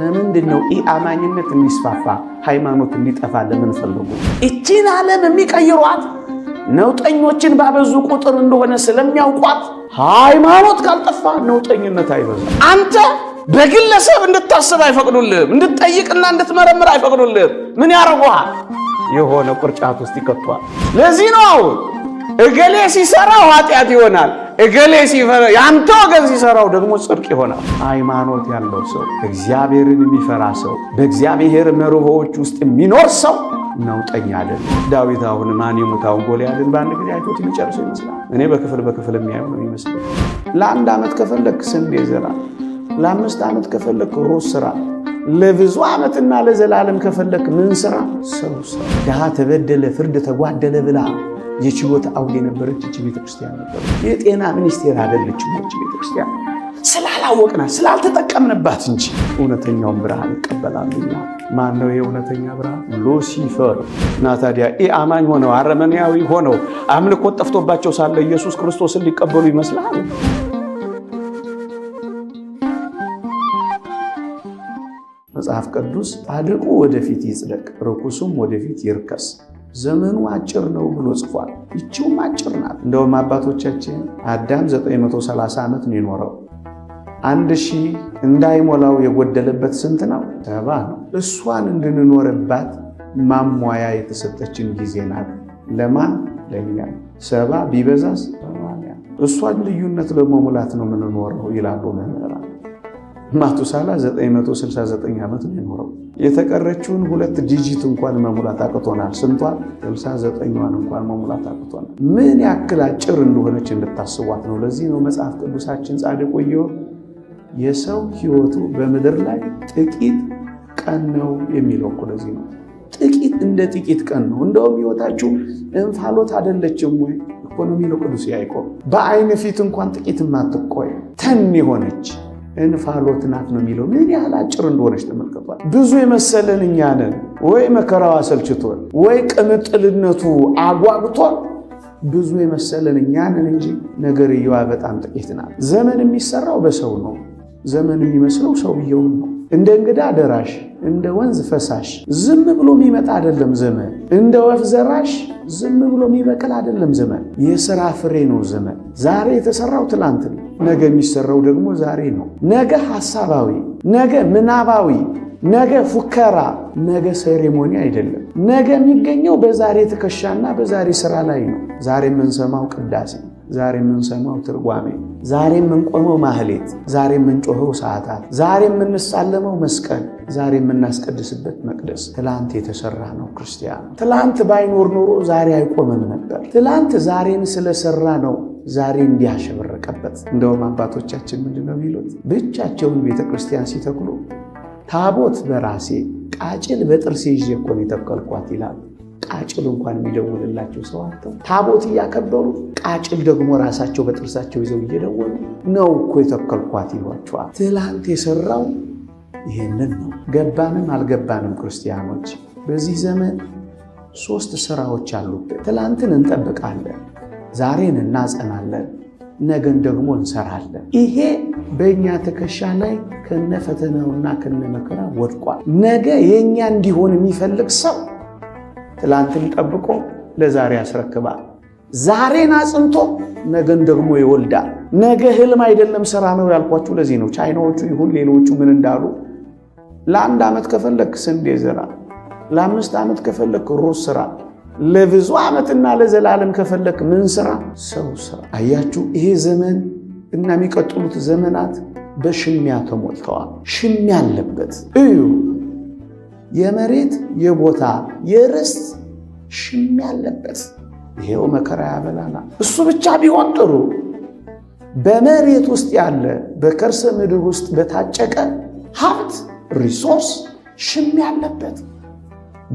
ለምንድን ነው ይህ አማኝነት የሚስፋፋ ሃይማኖት እንዲጠፋ ለምን ፈለጉ? እቺን ዓለም የሚቀይሯት ነውጠኞችን ባበዙ ቁጥር እንደሆነ ስለሚያውቋት ሃይማኖት ካልጠፋ ነውጠኝነት አይበዙ። አንተ በግለሰብ እንድታስብ አይፈቅዱልህም። እንድትጠይቅና እንድትመረምር አይፈቅዱልህም። ምን ያደርጉሃል? የሆነ ቁርጫት ውስጥ ይከቷል። ለዚህ ነው እገሌ ሲሰራው ኃጢአት ይሆናል እገሌ ሲፈራ ያንተ ወገን ሲሰራው ደግሞ ጽድቅ ይሆናል። ሃይማኖት ያለው ሰው፣ እግዚአብሔርን የሚፈራ ሰው፣ በእግዚአብሔር መርሆዎች ውስጥ የሚኖር ሰው ነውጠኛ አይደለም። ዳዊት አሁን ማን የሙታውን ጎልያድን በአንድ ጊዜ አይቶት የሚጨርሰው ይመስላል። እኔ በክፍል በክፍል የሚያየው ነው ይመስል። ለአንድ ዓመት ከፈለክ ስንዴ ዘራ፣ ለአምስት ዓመት ከፈለክ ሩዝ ስራ ለብዙ ዓመትና ለዘላለም ከፈለክ ምን ስራ ሰው ሰው ድሃ ተበደለ ፍርድ ተጓደለ ብላ የችሎታ አውድ የነበረች እች ቤተክርስቲያን ነበር። የጤና ሚኒስቴር አይደለችም እች ቤተክርስቲያን ስላላወቅናት ስላልተጠቀምንባት እንጂ እውነተኛውን ብርሃን ይቀበላሉ። ማን ነው የእውነተኛ ብርሃን? ሉሲፈር እና ታዲያ ኢ አማኝ ሆነው አረመኔያዊ ሆነው አምልኮ ጠፍቶባቸው ሳለ ኢየሱስ ክርስቶስን ሊቀበሉ ይመስላል። መጽሐፍ ቅዱስ ጻድቁ ወደፊት ይጽደቅ፣ ርኩሱም ወደፊት ይርከስ። ዘመኑ አጭር ነው ብሎ ጽፏል። ይቺውም አጭር ናት። እንደውም አባቶቻችን አዳም 930 ዓመት ነው የኖረው። አንድ ሺህ እንዳይሞላው የጎደለበት ስንት ነው? ሰባ ነው። እሷን እንድንኖርባት ማሟያ የተሰጠችን ጊዜ ናት። ለማን? ለኛ። ሰባ ቢበዛስ? እሷን ልዩነት ለመሙላት ነው የምንኖረው ይላሉ መምህራን። ማቱሳላ 969 ዓመት ነው የኖረው። የተቀረችውን ሁለት ዲጂት እንኳን መሙላት አቅቶናል። ስንቷን? 69ን እንኳን መሙላት አቅቶናል። ምን ያክል አጭር እንደሆነች እንድታስቧት ነው። ለዚህ ነው መጽሐፍ ቅዱሳችን ጻድቁ ኢዮብ የሰው ሕይወቱ በምድር ላይ ጥቂት ቀን ነው የሚለው እኮ ለዚህ ነው። ጥቂት እንደ ጥቂት ቀን ነው። እንደውም ሕይወታችሁ እንፋሎት አደለችም ወይ ኢኮኖሚ ነው ቅዱስ ያዕቆብ በአይን ፊት እንኳን ጥቂት ማትቆይ ተን የሆነች እንፋሎት ናት ነው የሚለው። ምን ያህል አጭር እንደሆነች ተመልከቷል። ብዙ የመሰለን እኛ ነን ወይ መከራዋ ሰልችቶን ወይ ቅምጥልነቱ አጓግቷል። ብዙ የመሰለን እኛንን እንጂ ነገር ነገርየዋ በጣም ጥቂት ናት። ዘመን የሚሰራው በሰው ነው። ዘመን የሚመስለው ሰውየውን ነው። እንደ እንግዳ ደራሽ እንደ ወንዝ ፈሳሽ ዝም ብሎ የሚመጣ አይደለም ዘመን። እንደ ወፍ ዘራሽ ዝም ብሎ የሚበቅል አይደለም ዘመን። የሥራ ፍሬ ነው ዘመን። ዛሬ የተሠራው ትላንት ነው፣ ነገ የሚሠራው ደግሞ ዛሬ ነው። ነገ ሐሳባዊ፣ ነገ ምናባዊ፣ ነገ ፉከራ፣ ነገ ሴሬሞኒ አይደለም። ነገ የሚገኘው በዛሬ ትከሻና በዛሬ ሥራ ላይ ነው። ዛሬ የምንሰማው ቅዳሴ ዛሬ የምንሰማው ትርጓሜ፣ ዛሬ የምንቆመው ማህሌት፣ ዛሬ የምንጮኸው ሰዓታት፣ ዛሬ የምንሳለመው መስቀል፣ ዛሬ የምናስቀድስበት መቅደስ ትላንት የተሰራ ነው። ክርስቲያኑ ትላንት ባይኖር ኖሮ ዛሬ አይቆምም ነበር። ትላንት ዛሬን ስለሰራ ነው ዛሬ እንዲያሸበረቀበት። እንደውም አባቶቻችን ምንድን ነው የሚሉት? ብቻቸውን ቤተ ክርስቲያን ሲተክሉ ታቦት በራሴ ቃጭል በጥርሴ ይዤ እኮ ነው የተከልኳት ይላሉ። ቃጭል እንኳን የሚደውልላቸው ሰው አጥተው ታቦት እያከበሩ ቃጭል ደግሞ ራሳቸው በጥርሳቸው ይዘው እየደወሉ ነው እኮ የተከልኳት ይሏቸዋል። ትላንት የሰራው ይሄንን ነው። ገባንም አልገባንም ክርስቲያኖች በዚህ ዘመን ሶስት ስራዎች አሉብን። ትላንትን እንጠብቃለን፣ ዛሬን እናጸናለን፣ ነገን ደግሞ እንሰራለን። ይሄ በእኛ ትከሻ ላይ ከነ ፈተናውና ከነ መከራ ወድቋል። ነገ የእኛ እንዲሆን የሚፈልግ ሰው ትላንትን ጠብቆ ለዛሬ ያስረክባል። ዛሬን አጽንቶ ነገን ደግሞ ይወልዳል። ነገ ህልም አይደለም ስራ ነው ያልኳችሁ ለዚህ ነው። ቻይናዎቹ ይሁን ሌሎቹ ምን እንዳሉ ለአንድ ዓመት ከፈለክ ስንዴ ዘራ፣ ለአምስት ዓመት ከፈለክ ሩዝ ስራ፣ ለብዙ ዓመትና ለዘላለም ከፈለክ ምን ስራ? ሰው ስራ። አያችሁ፣ ይሄ ዘመን እና የሚቀጥሉት ዘመናት በሽሚያ ተሞልተዋል። ሽሚያ አለበት እዩ የመሬት የቦታ የርስት ሽም ያለበት ይሄው መከራ ያበላና። እሱ ብቻ ቢሆን ጥሩ። በመሬት ውስጥ ያለ በከርሰ ምድር ውስጥ በታጨቀ ሀብት ሪሶርስ ሽም ያለበት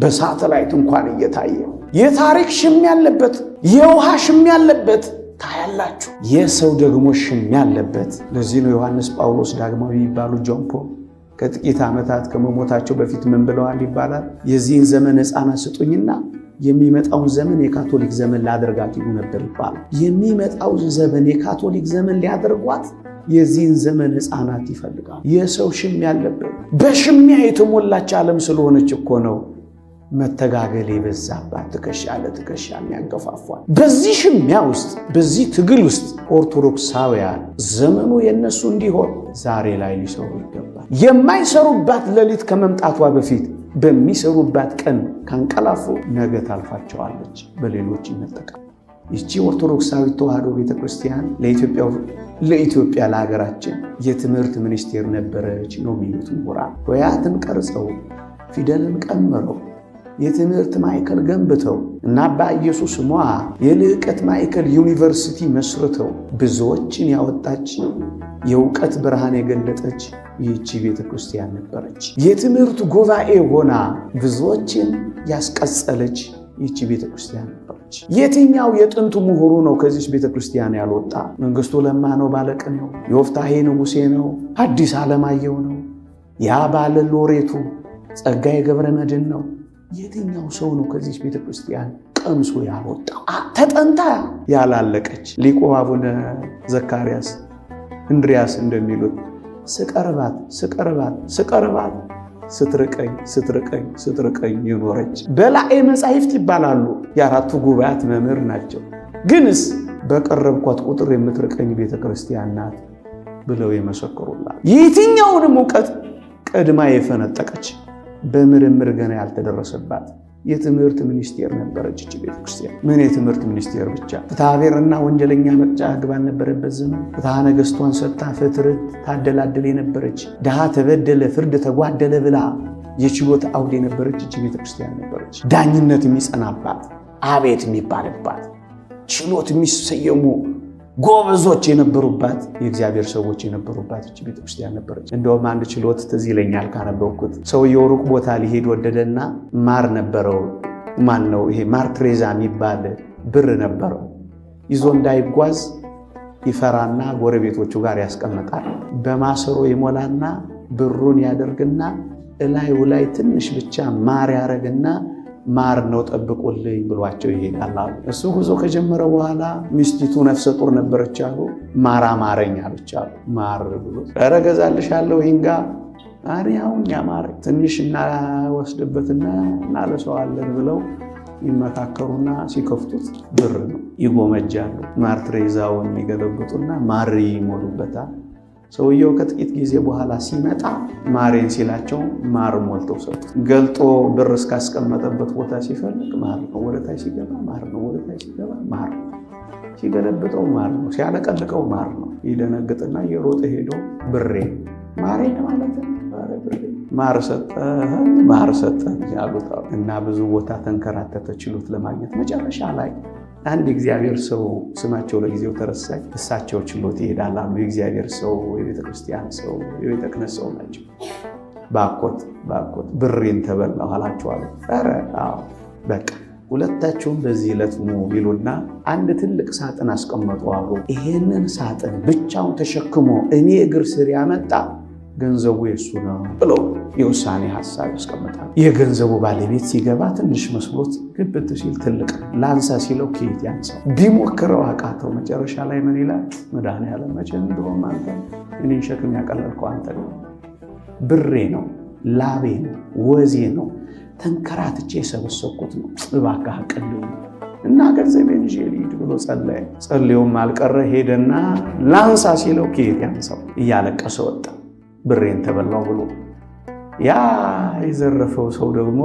በሳተላይት እንኳን እየታየ የታሪክ ሽም ያለበት የውሃ ሽም ያለበት ታያላችሁ። የሰው ደግሞ ሽም ያለበት ለዚህ ነው ዮሐንስ ጳውሎስ ዳግማዊ የሚባሉ ጆን ፖል ከጥቂት ዓመታት ከመሞታቸው በፊት ምን ብለዋል ይባላል? የዚህን ዘመን ሕፃናት ስጡኝና የሚመጣውን ዘመን የካቶሊክ ዘመን ላደርጋት ይሉ ነበር ይባላል። የሚመጣው ዘመን የካቶሊክ ዘመን ሊያደርጓት የዚህን ዘመን ሕፃናት ይፈልጋል። የሰው ሽም ያለበት በሽሚያ የተሞላች ዓለም ስለሆነች እኮ ነው መተጋገል የበዛባት ትከሻ ለትከሻ የሚያገፋፏል። በዚህ ሽሚያ ውስጥ በዚህ ትግል ውስጥ ኦርቶዶክሳውያን ዘመኑ የእነሱ እንዲሆን ዛሬ ላይ ሊሰሩ ይገባል። የማይሰሩባት ሌሊት ከመምጣቷ በፊት በሚሰሩባት ቀን ካንቀላፉ ነገ ታልፋቸዋለች፣ በሌሎች ይነጠቃል። ይቺ ኦርቶዶክሳዊ ተዋህዶ ቤተክርስቲያን ለኢትዮጵያ ለሀገራችን የትምህርት ሚኒስቴር ነበረች ነው የሚሉት ምሁራን። ሆያትን ቀርጸው ፊደልን ቀምረው የትምህርት ማዕከል ገንብተው እና አባ ኢየሱስ ሟ የልዕቀት ማዕከል ዩኒቨርሲቲ መስርተው ብዙዎችን ያወጣች የእውቀት ብርሃን የገለጠች ይህቺ ቤተ ክርስቲያን ነበረች። የትምህርት ጉባኤ ሆና ብዙዎችን ያስቀጸለች ይህቺ ቤተ ክርስቲያን ነበረች። የትኛው የጥንቱ ምሁሩ ነው ከዚች ቤተ ክርስቲያን ያልወጣ? መንግስቱ ለማ ነው፣ ባለቅ ነው፣ የወፍታሄ ንጉሴ ነው፣ ሐዲስ ዓለማየሁ ነው፣ ያ ባለ ሎሬቱ ጸጋዬ ገብረ መድን ነው። የትኛው ሰው ነው ከዚች ቤተ ክርስቲያን ቀምሶ ያልወጣ? ተጠንታ ያላለቀች ሊቁ አቡነ ዘካርያስ እንድሪያስ እንደሚሉት ስቀርባት ስቀርባት ስቀርባት ስትርቀኝ ስትርቀኝ ስትርቀኝ ይኖረች በላዔ መጻሕፍት ይባላሉ። የአራቱ ጉባኤያት መምህር ናቸው። ግንስ በቀረብኳት ቁጥር የምትርቀኝ ቤተ ክርስቲያን ናት ብለው የመሰክሩላት የትኛውንም እውቀት ቀድማ የፈነጠቀች በምርምር ገና ያልተደረሰባት የትምህርት ሚኒስቴር ነበረች እች ቤተክርስቲያን። ምን የትምህርት ሚኒስቴር ብቻ ፍትሐብሔርና ወንጀለኛ መቅጫ ሕግ ባልነበረበት ዘመን ፍትሐ ነገሥቷን ሰጥታ ፍትርት ታደላደል የነበረች ድሃ ተበደለ፣ ፍርድ ተጓደለ ብላ የችሎት አውድ የነበረች እች ቤተክርስቲያን ነበረች። ዳኝነት የሚጸናባት አቤት የሚባልባት ችሎት የሚሰየሙ ጎበዞች የነበሩባት የእግዚአብሔር ሰዎች የነበሩባት እች ቤተክርስቲያን ነበረች። እንደውም አንድ ችሎት ትዝ ይለኛል ካነበብኩት። ሰውየው ሩቅ ቦታ ሊሄድ ወደደና ማር ነበረው። ማን ነው ይሄ ማር ትሬዛ የሚባል ብር ነበረው። ይዞ እንዳይጓዝ ይፈራና ጎረቤቶቹ ጋር ያስቀምጣል። በማሰሮ ይሞላና ብሩን ያደርግና እላዩ ላይ ትንሽ ብቻ ማር ያደረግና ማር ነው ጠብቁልኝ ብሏቸው ይሄዳል አሉ። እሱ ጉዞ ከጀመረ በኋላ ሚስቲቱ ነፍሰ ጡር ነበረች አሉ። ማር አማረኝ አለች አሉ። ማር ብሎ ኧረ እገዛልሻለሁ ይሄን ጋ አሪ አሁን ያማረ ትንሽ እናወስድበትና እናለሰዋለን ብለው ይመካከሩና ሲከፍቱት ብር ነው። ይጎመጃሉ። ማር ትሬዛውን ይገለብጡና ማር ይሞሉበታል። ሰውየው ከጥቂት ጊዜ በኋላ ሲመጣ ማሬን ሲላቸው ማር ሞልተው ሰጡት። ገልጦ ብር እስካስቀመጠበት ቦታ ሲፈልግ ማር ነው፣ ወደታይ ሲገባ ማር ነው፣ ወደታይ ሲገባ ማር ነው፣ ሲገለብጠው ማር ነው፣ ሲያለቀልቀው ማር ነው። ይደነግጥና የሮጠ ሄዶ ብሬ ማሬ ማለት ማር ሰጠህን ማር ሰጠህን ያሉት እና ብዙ ቦታ ተንከራተተ ችሎት ለማግኘት መጨረሻ ላይ አንድ እግዚአብሔር ሰው ስማቸው ለጊዜው ተረሳኝ፣ እሳቸው ችሎት ይሄዳል አሉ። የእግዚአብሔር ሰው፣ የቤተ ክርስቲያን ሰው፣ የቤተ ክህነት ሰው ናቸው። ባኮት ባኮት ብሬን ተበላሁ አላቸዋለሁ። ኧረ አዎ በቃ ሁለታቸውም በዚህ ዕለት ኑ ቢሉና አንድ ትልቅ ሳጥን አስቀመጡ አብሮ። ይሄንን ሳጥን ብቻውን ተሸክሞ እኔ እግር ስር ያመጣ ገንዘቡ የእሱ ነው ብለው የውሳኔ ሀሳብ ያስቀምጣል። የገንዘቡ ባለቤት ሲገባ ትንሽ መስሎት ግብት ሲል ትልቅ ላንሳ ሲለው ከየት ያንሳ ቢሞክረው አቃተው። መጨረሻ ላይ ምን ይላል? መድኃኒዓለም መቼም ድሮም አንተ እኔን ሸክም ያቀለልከው አንተ ነው። ብሬ ነው፣ ላቤ ነው፣ ወዜ ነው፣ ተንከራትቼ የሰበሰብኩት ነው። እባክህ አቅልኝ እና ገንዘቤን ይዤ ልሂድ ብሎ ጸለየ። ጸልዮም አልቀረ ሄደና ላንሳ ሲለው ከየት ያንሳው? እያለቀሰ ወጣ። ብሬን ተበላው ብሎ ያ የዘረፈው ሰው ደግሞ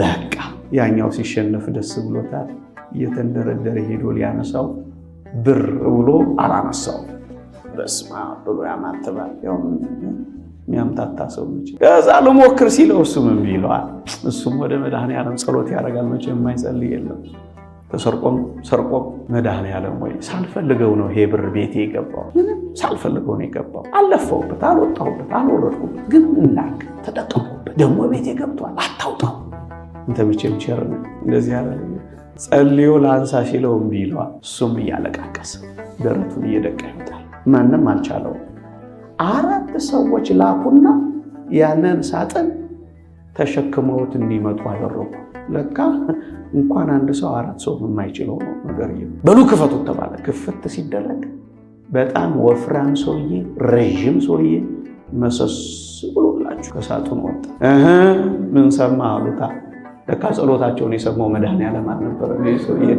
በቃ ያኛው ሲሸነፍ ደስ ብሎታል። እየተንደረደረ ሄዶ ሊያነሳው ብር ብሎ አላነሳው። በስማ ብሎ ያማትባል። የሚያምታታ ሰው መቼ ከዛ ልሞክር ሲለው እሱም እምቢ ይለዋል። እሱም ወደ መድኃኔዓለም ጸሎት ያደርጋል። መቼ የማይጸልይ የለም። ተሰርቆም ሰርቆም መድኃኒዓለም ወይ ሳልፈልገው ነው ይሄ ብር ቤቴ የገባው። ምንም ሳልፈልገው ነው የገባው። አለፈውበት፣ አልወጣሁበት፣ አልወረድኩበት። ግን እናክ ተጠቀምኩበት። ደግሞ ቤቴ ገብቷል። አታውጣው እንተ መቼም ቸር ነህ። እንደዚህ ያለ ጸልዮ ለአንሳ ሲለው እምቢ ይለዋል። እሱም እያለቃቀሰ ደረቱን እየደቀ ይወጣል። ማንም አልቻለውም። አራት ሰዎች ላኩና ያንን ሳጥን ተሸክመውት እንዲመጡ አደረጉ። ለካ እንኳን አንድ ሰው አራት ሰው የማይችለው ነው ነገር በሉ ክፈቱት ተባለ። ክፍት ሲደረግ በጣም ወፍራም ሰውዬ፣ ረዥም ሰውዬ መሰስ ብሎላችሁ ከሳጥን ወጣ። ምን ሰማ አሉታ። ለካ ጸሎታቸውን የሰማው መድኃኔዓለም አልነበረ ሰውዬ፣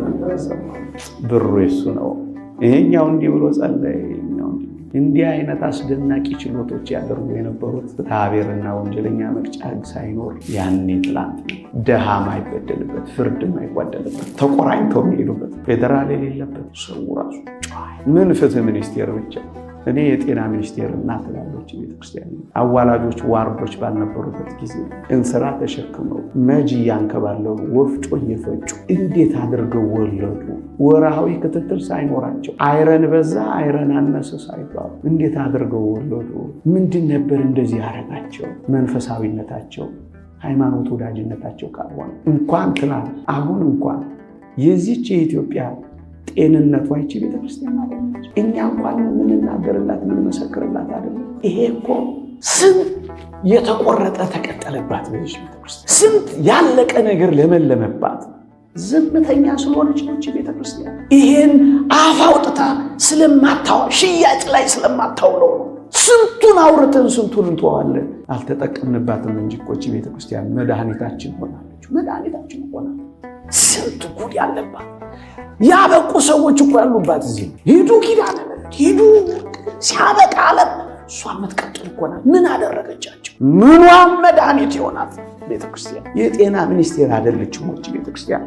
ብሩ የሱ ነው። ይሄኛው እንዲህ ብሎ ጸለ፣ ይሄኛው እንዲህ እንዲህ አይነት አስደናቂ ችሎቶች ያደርጉ የነበሩት ፍትሐብሔርና ወንጀለኛ መቅጫ ሕግ ሳይኖር ያኔ ትላንት ድሃ ማይበደልበት ፍርድ ማይጓደልበት ተቆራኝተው የሚሄዱበት ፌዴራል የሌለበት ሰው ራሱ ምን ፍትህ ሚኒስቴር ብቻ እኔ የጤና ሚኒስቴር እና ላለች ቤተክርስቲያን አዋላጆች ዋርዶች ባልነበሩበት ጊዜ እንስራ ተሸክመው መጅ እያንከባለው ወፍጮ እየፈጩ እንዴት አድርገው ወለዱ። ወርሃዊ ክትትል ሳይኖራቸው አይረን በዛ አይረን አነሰ ሳይባሉ እንዴት አድርገው ወለዱ። ምንድን ነበር እንደዚህ ያደረጋቸው? መንፈሳዊነታቸው፣ ሃይማኖት ወዳጅነታቸው ካልሆነ እንኳን ትላል አሁን እንኳን የዚች የኢትዮጵያ ጤንነቱ አይቺ ቤተክርስቲያን አለች። እኛ እንኳን የምንናገርላት የምንመሰክርላት አለ። ይሄ እኮ ስንት የተቆረጠ ተቀጠለባት ልጅ ቤተክርስቲያን፣ ስንት ያለቀ ነገር ለመለመባት ዝምተኛ ስለሆነች ነች ቤተክርስቲያን ይሄን አፍ አውጥታ ስለማታውለው ሽያጭ ላይ ስለማታውለው ስንቱን አውርተን ስንቱን እንተዋለን። አልተጠቀምንባትም እንጂ እኮ ቤተክርስቲያን መድኃኒታችን ሆናለች፣ መድኃኒታችን ሆናለች። ስንት ጉድ ያለባት ያበቁ ሰዎች እኮ ያሉባት እዚህ ሂዱ፣ ኪዳነ ሂዱ። ሲያበቃ አለም እሷ የምትቀጥል እኮና ምን አደረገቻቸው? ምኗም መድኃኒት የሆናት ቤተክርስቲያን የጤና ሚኒስቴር አደለችም። ቤተክርስቲያን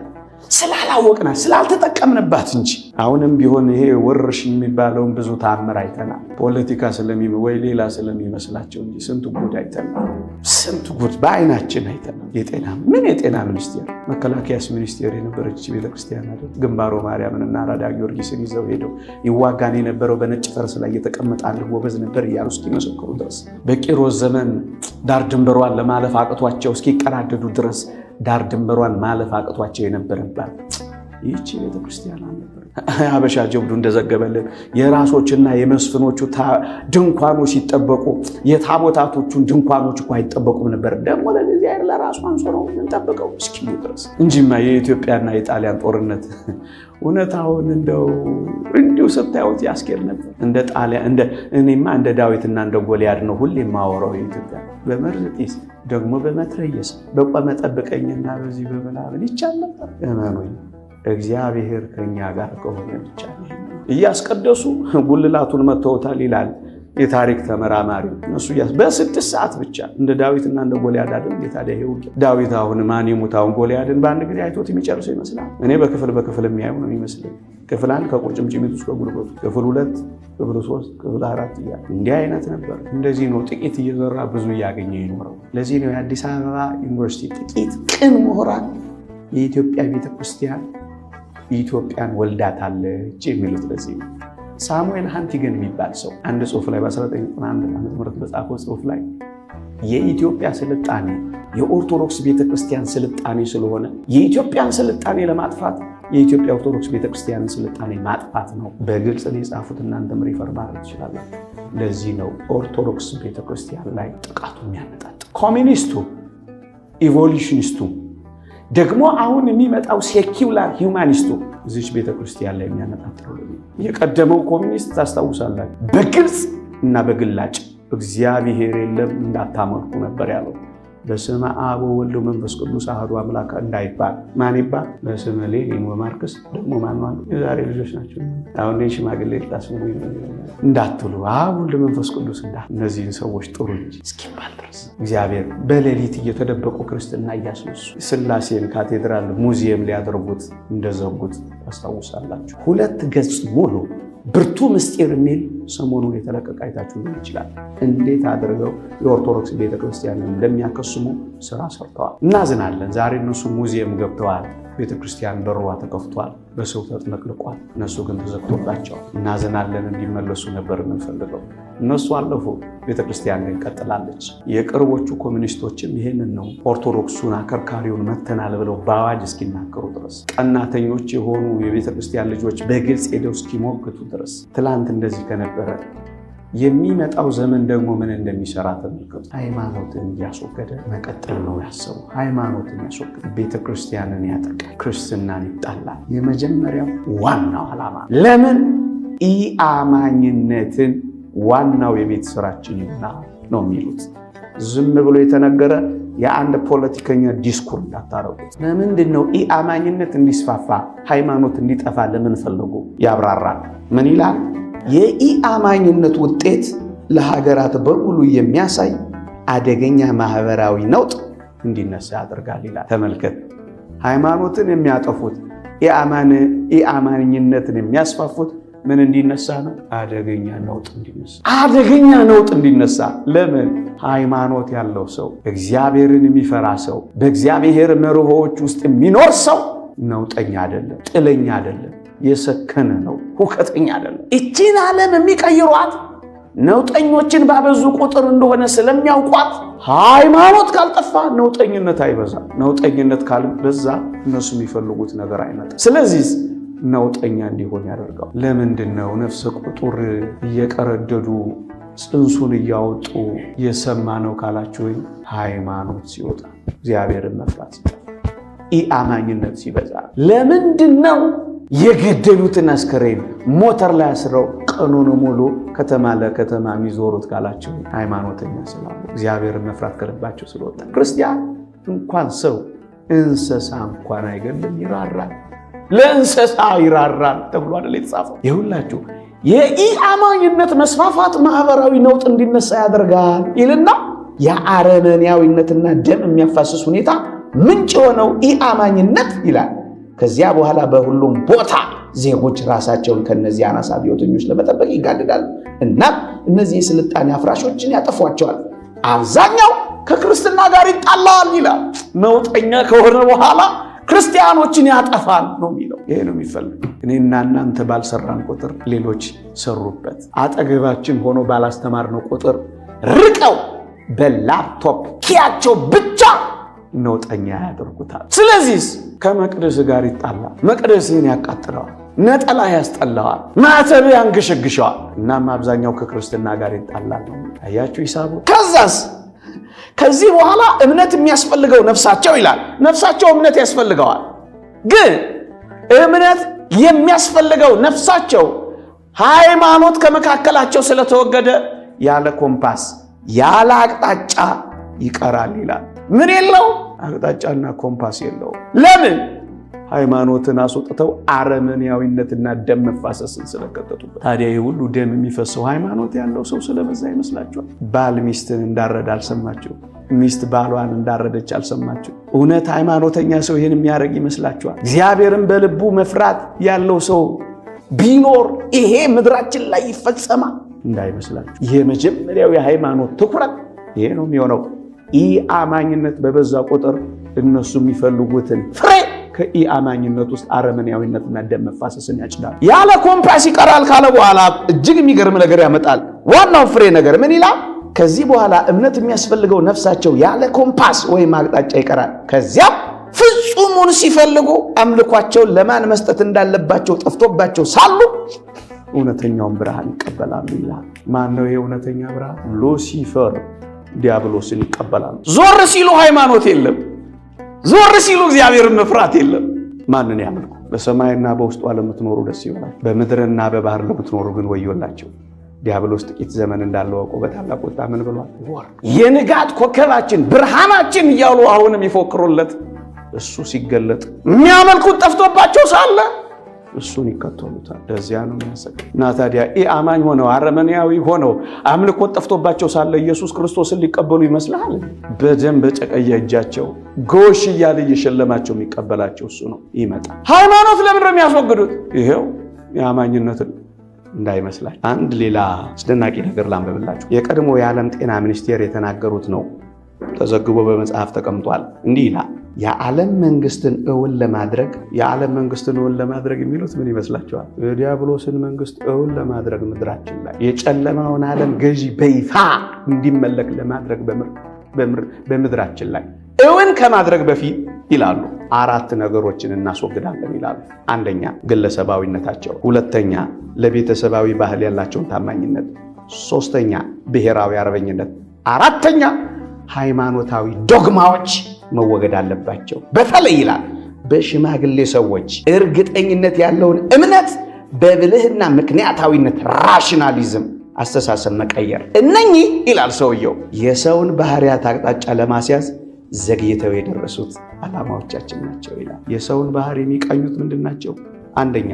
ስላላወቅናት ስላልተጠቀምንባት እንጂ አሁንም ቢሆን ይሄ ወረሽ የሚባለውን ብዙ ታምር አይተናል። ፖለቲካ ወይ ሌላ ስለሚመስላቸው እንጂ ስንት ጉድ አይተናል። ስንት ጉድ በአይናችን አይተናል። የጤና ምን የጤና ሚኒስቴር መከላከያስ ሚኒስቴር የነበረች ቤተክርስቲያን አለ ግንባሮ ማርያምንና አራዳ ጊዮርጊስን ይዘው ሄደው ይዋጋን የነበረው በነጭ ፈረስ ላይ እየተቀመጣለሁ ጎበዝ ነበር እያሉ እስኪመሰክሩ ድረስ በቂሮስ ዘመን ዳር ድንበሯን ለማለፍ አቅቷቸው እስኪቀዳደዱ ድረስ ዳር ድንበሯን ማለፍ አቅቷቸው የነበረባት ይቺ ቤተክርስቲያን አልነበር። አበሻ ጀብዱ እንደዘገበልን የራሶችና የመስፍኖቹ ድንኳኖች ሲጠበቁ የታቦታቶቹን ድንኳኖች እኳ አይጠበቁም ነበር። ደግሞ ለእግዚአብሔር ለራሱ አንሶ ነው የምንጠብቀው እስኪሉ ድረስ እንጂማ የኢትዮጵያና የጣሊያን ጦርነት እውነት አሁን እንደው እንዲሁ ስታዩት ያስኬድ ነበር። እንደ ጣሊያን እንደ እኔማ እንደ ዳዊትና እንደ ጎልያድ ነው ሁሌ የማወራው። የኢትዮጵያ በመርዝ ጢስ ደግሞ በመትረየስ በቆመ ጠብቀኝና በዚህ በምናምን ይቻል ነበር እመኑኝ። እግዚአብሔር ከእኛ ጋር ከሆነ ብቻ እያስቀደሱ ጉልላቱን መተውታል ይላል የታሪክ ተመራማሪ እነሱ በስድስት ሰዓት ብቻ እንደ ዳዊትና እንደ ጎልያድ አደ ጌታ ዳዊት አሁን ማን ይሙት አሁን ጎልያድን በአንድ ጊዜ አይቶት የሚጨርሰው ይመስላል። እኔ በክፍል በክፍል የሚያዩ ነው የሚመስለኝ። ክፍል አንድ ከቁርጭምጭሚቱ እስከ ጉልበቱ፣ ክፍል ሁለት፣ ክፍል ሶስት፣ ክፍል አራት እያለ እንዲህ አይነት ነበር። እንደዚህ ነው ጥቂት እየዘራ ብዙ እያገኘ ይኖረው። ለዚህ ነው የአዲስ አበባ ዩኒቨርሲቲ ጥቂት ቅን ምሁራን የኢትዮጵያ ቤተክርስቲያን ኢትዮጵያን ወልዳታለች የሚሉት ለዚህ ነው። ሳሙኤል ሃንቲገን የሚባል ሰው አንድ ጽሁፍ ላይ በ1991 ዓ ም በጻፈው ጽሁፍ ላይ የኢትዮጵያ ስልጣኔ የኦርቶዶክስ ቤተክርስቲያን ስልጣኔ ስለሆነ የኢትዮጵያን ስልጣኔ ለማጥፋት የኢትዮጵያ ኦርቶዶክስ ቤተክርስቲያንን ስልጣኔ ማጥፋት ነው። በግልጽ ነው የጻፉት። እናንተም ሪፈር ማድረግ ትችላለን። ለዚህ ነው ኦርቶዶክስ ቤተክርስቲያን ላይ ጥቃቱ የሚያነጣጥ ኮሚኒስቱ ኢቮሉሽኒስቱ ደግሞ አሁን የሚመጣው ሴኪውላር ሂውማኒስቱ እዚች ቤተክርስቲያን ላይ የሚያነጣጥረው የቀደመው ኮሚኒስት ታስታውሳላችሁ፣ በግልጽ እና በግላጭ እግዚአብሔር የለም እንዳታመልኩ ነበር ያለው። በስመ አብ ወወልድ መንፈስ ቅዱስ አህዱ አምላክ እንዳይባል ማን ይባል? በስመ ሌኒን ወማርክስ ደግሞ ማንዋል የዛሬ ልጆች ናቸው። አሁን ሽማግሌ ልታስቡ እንዳትሉ አብ ወልድ መንፈስ ቅዱስ እንዳ እነዚህን ሰዎች ጥሩ እንጂ እስኪባል ድረስ እግዚአብሔር በሌሊት እየተደበቁ ክርስትና እያስነሱ ስላሴን ካቴድራል ሙዚየም ሊያደርጉት እንደዘጉት ታስታውሳላችሁ። ሁለት ገጽ ሙሉ ብርቱ ምስጢር የሚል ሰሞኑን የተለቀቀ አይታችሁ ሊሆን ይችላል። እንዴት አድርገው የኦርቶዶክስ ቤተክርስቲያንን እንደሚያከስሙ ስራ ሰርተዋል። እናዝናለን። ዛሬ እነሱ ሙዚየም ገብተዋል። ቤተ ክርስቲያን በሯ ተከፍቷል፣ በሰው ተጥለቅልቋል። እነሱ ግን ተዘግቶላቸዋል። እናዘናለን። እንዲመለሱ ነበር የምንፈልገው። እነሱ አለፉ፣ ቤተ ክርስቲያን ግን ቀጥላለች። የቅርቦቹ ኮሚኒስቶችም ይህንን ነው ኦርቶዶክሱን አከርካሪውን መተናል ብለው በአዋጅ እስኪናገሩ ድረስ ቀናተኞች የሆኑ የቤተ ክርስቲያን ልጆች በግልጽ ሄደው እስኪሞግቱ ድረስ ትላንት እንደዚህ ከነበረ የሚመጣው ዘመን ደግሞ ምን እንደሚሰራ ተመልከቱ። ሃይማኖትን እያስወገደ መቀጠል ነው ያሰቡ። ሃይማኖትን ያስወገደ ቤተክርስቲያንን ያጠቃል፣ ክርስትናን ይጣላል። የመጀመሪያው ዋናው ዓላማ ለምን ኢአማኝነትን ዋናው የቤት ስራችን ይሆና ነው የሚሉት። ዝም ብሎ የተነገረ የአንድ ፖለቲከኛ ዲስኩር እንዳታረጉት። ለምንድን ነው ኢአማኝነት እንዲስፋፋ ሃይማኖት እንዲጠፋ ለምን ፈለጉ? ያብራራል። ምን ይላል? የኢአማኝነት ውጤት ለሀገራት በሙሉ የሚያሳይ አደገኛ ማህበራዊ ነውጥ እንዲነሳ ያደርጋል ይላል። ተመልከት፣ ሃይማኖትን የሚያጠፉት ኢአማኝነትን የሚያስፋፉት ምን እንዲነሳ ነው? አደገኛ ነውጥ እንዲነሳ አደገኛ ነውጥ እንዲነሳ። ለምን? ሃይማኖት ያለው ሰው፣ እግዚአብሔርን የሚፈራ ሰው፣ በእግዚአብሔር መርሆዎች ውስጥ የሚኖር ሰው ነውጠኛ አይደለም፣ ጥለኛ አይደለም። የሰከነ ነው፣ ሁከተኛ አይደለም። እቺን ዓለም የሚቀይሯት ነውጠኞችን ባበዙ ቁጥር እንደሆነ ስለሚያውቋት ሃይማኖት ካልጠፋ ነውጠኝነት አይበዛ ነውጠኝነት ካልበዛ እነሱ የሚፈልጉት ነገር አይመጣም። ስለዚህ ነውጠኛ እንዲሆን ያደርገው። ለምንድን ነው ነፍሰ ቁጡር እየቀረደዱ ጽንሱን እያወጡ የሰማ ነው ካላችሁ፣ ሃይማኖት ሲወጣ እግዚአብሔርን መፍራት ሲጠፋ ኢ አማኝነት ሲበዛ ለምንድን ነው የገደሉትን አስከሬን ሞተር ላይ አስረው ቀኑን ሙሉ ከተማ ለከተማ የሚዞሩት ካላቸው ሃይማኖተኛ ስላሉ እግዚአብሔርን መፍራት ከልባቸው ስለወጣ ክርስቲያን እንኳን ሰው እንስሳ እንኳን አይገልም፣ ይራራል፣ ለእንስሳ ይራራል ተብሎ አይደል የተጻፈው? የሁላችሁ የኢአማኝነት መስፋፋት ማህበራዊ ነውጥ እንዲነሳ ያደርጋል ይልና የአረመኔያዊነትና ደም የሚያፋስስ ሁኔታ ምንጭ የሆነው ኢአማኝነት ይላል። ከዚያ በኋላ በሁሉም ቦታ ዜጎች ራሳቸውን ከነዚህ አናሳ ቢወተኞች ለመጠበቅ ይጋደዳሉ። እና እነዚህ የስልጣኔ አፍራሾችን ያጠፏቸዋል። አብዛኛው ከክርስትና ጋር ይጣላል ይላል። ነውጠኛ ከሆነ በኋላ ክርስቲያኖችን ያጠፋል ነው የሚለው። ይሄ ነው የሚፈልግ። እኔና እናንተ ባልሰራን ቁጥር ሌሎች ሰሩበት። አጠገባችን ሆኖ ባላስተማርነው ቁጥር ርቀው በላፕቶፕ ኪያቸው ብቻ ነውጠኛ ያደርጉታል። ስለዚህ ከመቅደስ ጋር ይጣላል፣ መቅደስን ያቃጥለዋል፣ ነጠላ ያስጠላዋል፣ ማተብ ያንገሸግሸዋል። እናም አብዛኛው ከክርስትና ጋር ይጣላል። አያችሁ ሂሳቡ። ከዛስ ከዚህ በኋላ እምነት የሚያስፈልገው ነፍሳቸው ይላል። ነፍሳቸው እምነት ያስፈልገዋል። ግን እምነት የሚያስፈልገው ነፍሳቸው ሃይማኖት ከመካከላቸው ስለተወገደ ያለ ኮምፓስ ያለ አቅጣጫ ይቀራል ይላል። ምን የለው አቅጣጫና ኮምፓስ የለው። ለምን ሃይማኖትን አስወጥተው አረመኔያዊነትና ደም መፋሰስን ስለከተቱበት። ታዲያ ይህ ሁሉ ደም የሚፈሰው ሃይማኖት ያለው ሰው ስለበዛ ይመስላችኋል? ባል ሚስትን እንዳረደ አልሰማችሁ? ሚስት ባሏን እንዳረደች አልሰማችሁ? እውነት ሃይማኖተኛ ሰው ይህን የሚያደርግ ይመስላችኋል? እግዚአብሔርን በልቡ መፍራት ያለው ሰው ቢኖር ይሄ ምድራችን ላይ ይፈጸማ እንዳይመስላችሁ። ይሄ መጀመሪያው የሃይማኖት ትኩረት ይሄ ነው የሚሆነው። ይህ አማኝነት በበዛ ቁጥር እነሱ የሚፈልጉትን ፍሬ ከኢአማኝነት ውስጥ አረመኔያዊነትና ደም መፋሰስን ያጭዳል። ያለ ኮምፓስ ይቀራል ካለ በኋላ እጅግ የሚገርም ነገር ያመጣል። ዋናው ፍሬ ነገር ምን ይላል? ከዚህ በኋላ እምነት የሚያስፈልገው ነፍሳቸው ያለ ኮምፓስ ወይም አቅጣጫ ይቀራል። ከዚያም ፍጹሙን ሲፈልጉ አምልኳቸውን ለማን መስጠት እንዳለባቸው ጠፍቶባቸው ሳሉ እውነተኛውን ብርሃን ይቀበላሉ ይላል። ማን ነው ይሄ እውነተኛ ብርሃን? ሉሲፈር ዲያብሎስን ይቀበላሉ። ዞር ሲሉ ሃይማኖት የለም። ዞር ሲሉ እግዚአብሔርን መፍራት የለም። ማንን ያመልኩ? በሰማይና በውስጧ ለምትኖሩ ደስ ይበላል፣ በምድርና በባህር ለምትኖሩ ግን ወዮላቸው። ዲያብሎስ ጥቂት ዘመን እንዳለወቀው በታላቅ ቁጣ ምን ብሏል? ወር የንጋት ኮከባችን ብርሃናችን እያሉ አሁንም ይፎክሩለት። እሱ ሲገለጥ የሚያመልኩት ጠፍቶባቸው ሳለ እሱን ይከተሉታል። ለዚያ ነው የሚያሰጋ እና ታዲያ ይህ አማኝ ሆነው አረመኔያዊ ሆነው አምልኮ ጠፍቶባቸው ሳለ ኢየሱስ ክርስቶስን ሊቀበሉ ይመስልሃል? በደም በጨቀየ እጃቸው ጎሽ እያለ እየሸለማቸው የሚቀበላቸው እሱ ነው። ይመጣል። ሃይማኖት ለምን ነው የሚያስወግዱት? ይሄው የአማኝነትን እንዳይመስላል። አንድ ሌላ አስደናቂ ነገር ላንብብላችሁ። የቀድሞ የዓለም ጤና ሚኒስቴር የተናገሩት ነው። ተዘግቦ በመጽሐፍ ተቀምጧል። እንዲህ ይላል የዓለም መንግስትን እውን ለማድረግ የዓለም መንግስትን እውን ለማድረግ የሚሉት ምን ይመስላቸዋል? የዲያብሎስን መንግስት እውን ለማድረግ ምድራችን ላይ የጨለማውን ዓለም ገዢ በይፋ እንዲመለክ ለማድረግ በምድራችን ላይ እውን ከማድረግ በፊት ይላሉ አራት ነገሮችን እናስወግዳለን ይላሉ። አንደኛ ግለሰባዊነታቸው፣ ሁለተኛ ለቤተሰባዊ ባህል ያላቸውን ታማኝነት፣ ሶስተኛ ብሔራዊ አርበኝነት፣ አራተኛ ሃይማኖታዊ ዶግማዎች መወገድ አለባቸው። በተለይ ይላል በሽማግሌ ሰዎች እርግጠኝነት ያለውን እምነት በብልህና ምክንያታዊነት ራሽናሊዝም አስተሳሰብ መቀየር። እነኚህ ይላል ሰውየው የሰውን ባህሪያት አቅጣጫ ለማስያዝ ዘግይተው የደረሱት ዓላማዎቻችን ናቸው ይላል። የሰውን ባህሪ የሚቀኙት ምንድን ናቸው? አንደኛ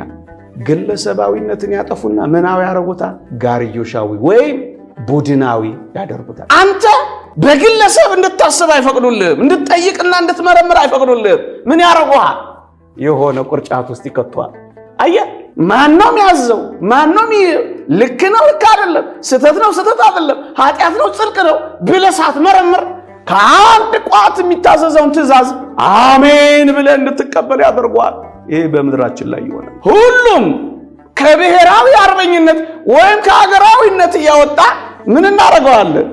ግለሰባዊነትን ያጠፉና ምናዊ ያደረጉታል፣ ጋርዮሻዊ ወይም ቡድናዊ ያደርጉታል። አንተ በግለሰብ እንድታስብ አይፈቅዱልህም። እንድትጠይቅና እንድትመረምር አይፈቅዱልህም። ምን ያረጉሃል? የሆነ ቁርጫት ውስጥ ይከቷል። አየ ማን ነው የሚያዘው? ማን ልክ ነው ልክ አይደለም፣ ስህተት ነው ስህተት አይደለም፣ ኃጢአት ነው ጽድቅ ነው ብለህ ሳትመረምር ከአንድ ቋት የሚታዘዘውን ትእዛዝ አሜን ብለህ እንድትቀበል ያደርጓል ይሄ በምድራችን ላይ ይሆነ ሁሉም ከብሔራዊ አርበኝነት ወይም ከሀገራዊነት እያወጣ ምን እናደርገዋለን?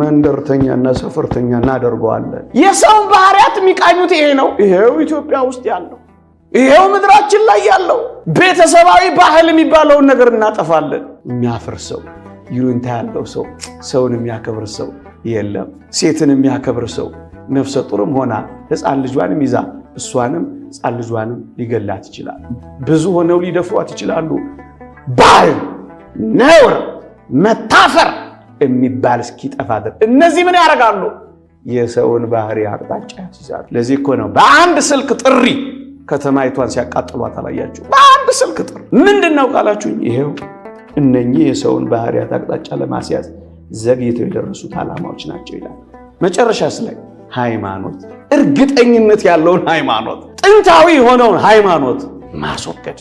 መንደርተኛና ሰፈርተኛ እናደርገዋለን። የሰውን ባህሪያት የሚቃኙት ይሄ ነው። ይሄው ኢትዮጵያ ውስጥ ያለው ይሄው ምድራችን ላይ ያለው ቤተሰባዊ ባህል የሚባለውን ነገር እናጠፋለን። የሚያፍር ሰው፣ ይሉንታ ያለው ሰው፣ ሰውን የሚያከብር ሰው የለም። ሴትን የሚያከብር ሰው ነፍሰ ጡርም ሆና ሕፃን ልጇንም ይዛ እሷንም ሕፃን ልጇንም ሊገላት ይችላል። ብዙ ሆነው ሊደፍሯት ይችላሉ። ባህል፣ ነውር፣ መታፈር የሚባል እስኪጠፋ ድረስ እነዚህ ምን ያደርጋሉ? የሰውን ባህሪ አቅጣጫ ያስይዛሉ። ለዚህ እኮ ነው በአንድ ስልክ ጥሪ ከተማይቷን ሲያቃጥሏት አላያችሁ? በአንድ ስልክ ጥሪ ምንድን ነው ካላችሁኝ፣ ይሄው እነኚህ የሰውን ባህሪያት አቅጣጫ ለማስያዝ ዘግይተው የደረሱት ዓላማዎች ናቸው ይላል። መጨረሻስ ላይ ሃይማኖት፣ እርግጠኝነት ያለውን ሃይማኖት፣ ጥንታዊ የሆነውን ሃይማኖት ማስወገድ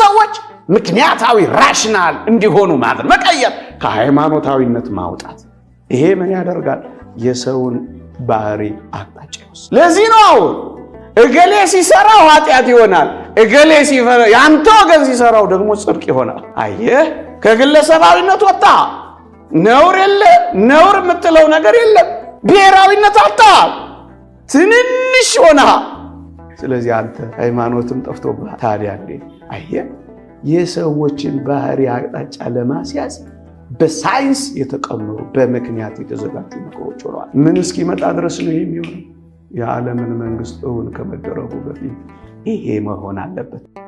ሰዎች ምክንያታዊ ራሽናል እንዲሆኑ ማለት መቀየር፣ ከሃይማኖታዊነት ማውጣት። ይሄ ምን ያደርጋል? የሰውን ባህሪ አቅጣጫ ይወስዳል። ለዚህ ነው አሁን እገሌ ሲሰራው ኃጢአት ይሆናል፣ እገሌ ያንተ ወገን ሲሰራው ደግሞ ጽድቅ ይሆናል። አየህ፣ ከግለሰባዊነት ወጣ። ነውር የለ ነውር የምትለው ነገር የለም። ብሔራዊነት አጣ፣ ትንንሽ ሆና። ስለዚህ አንተ ሃይማኖትም ጠፍቶብሃል። ታዲያ እንዴ አየህ የሰዎችን ባህሪ አቅጣጫ ለማስያዝ በሳይንስ የተቀመሩ በምክንያት የተዘጋጁ ነገሮች ሆነዋል። ምን እስኪመጣ ድረስ ነው የሚሆነው? የዓለምን መንግስት እውን ከመደረጉ በፊት ይሄ መሆን አለበት።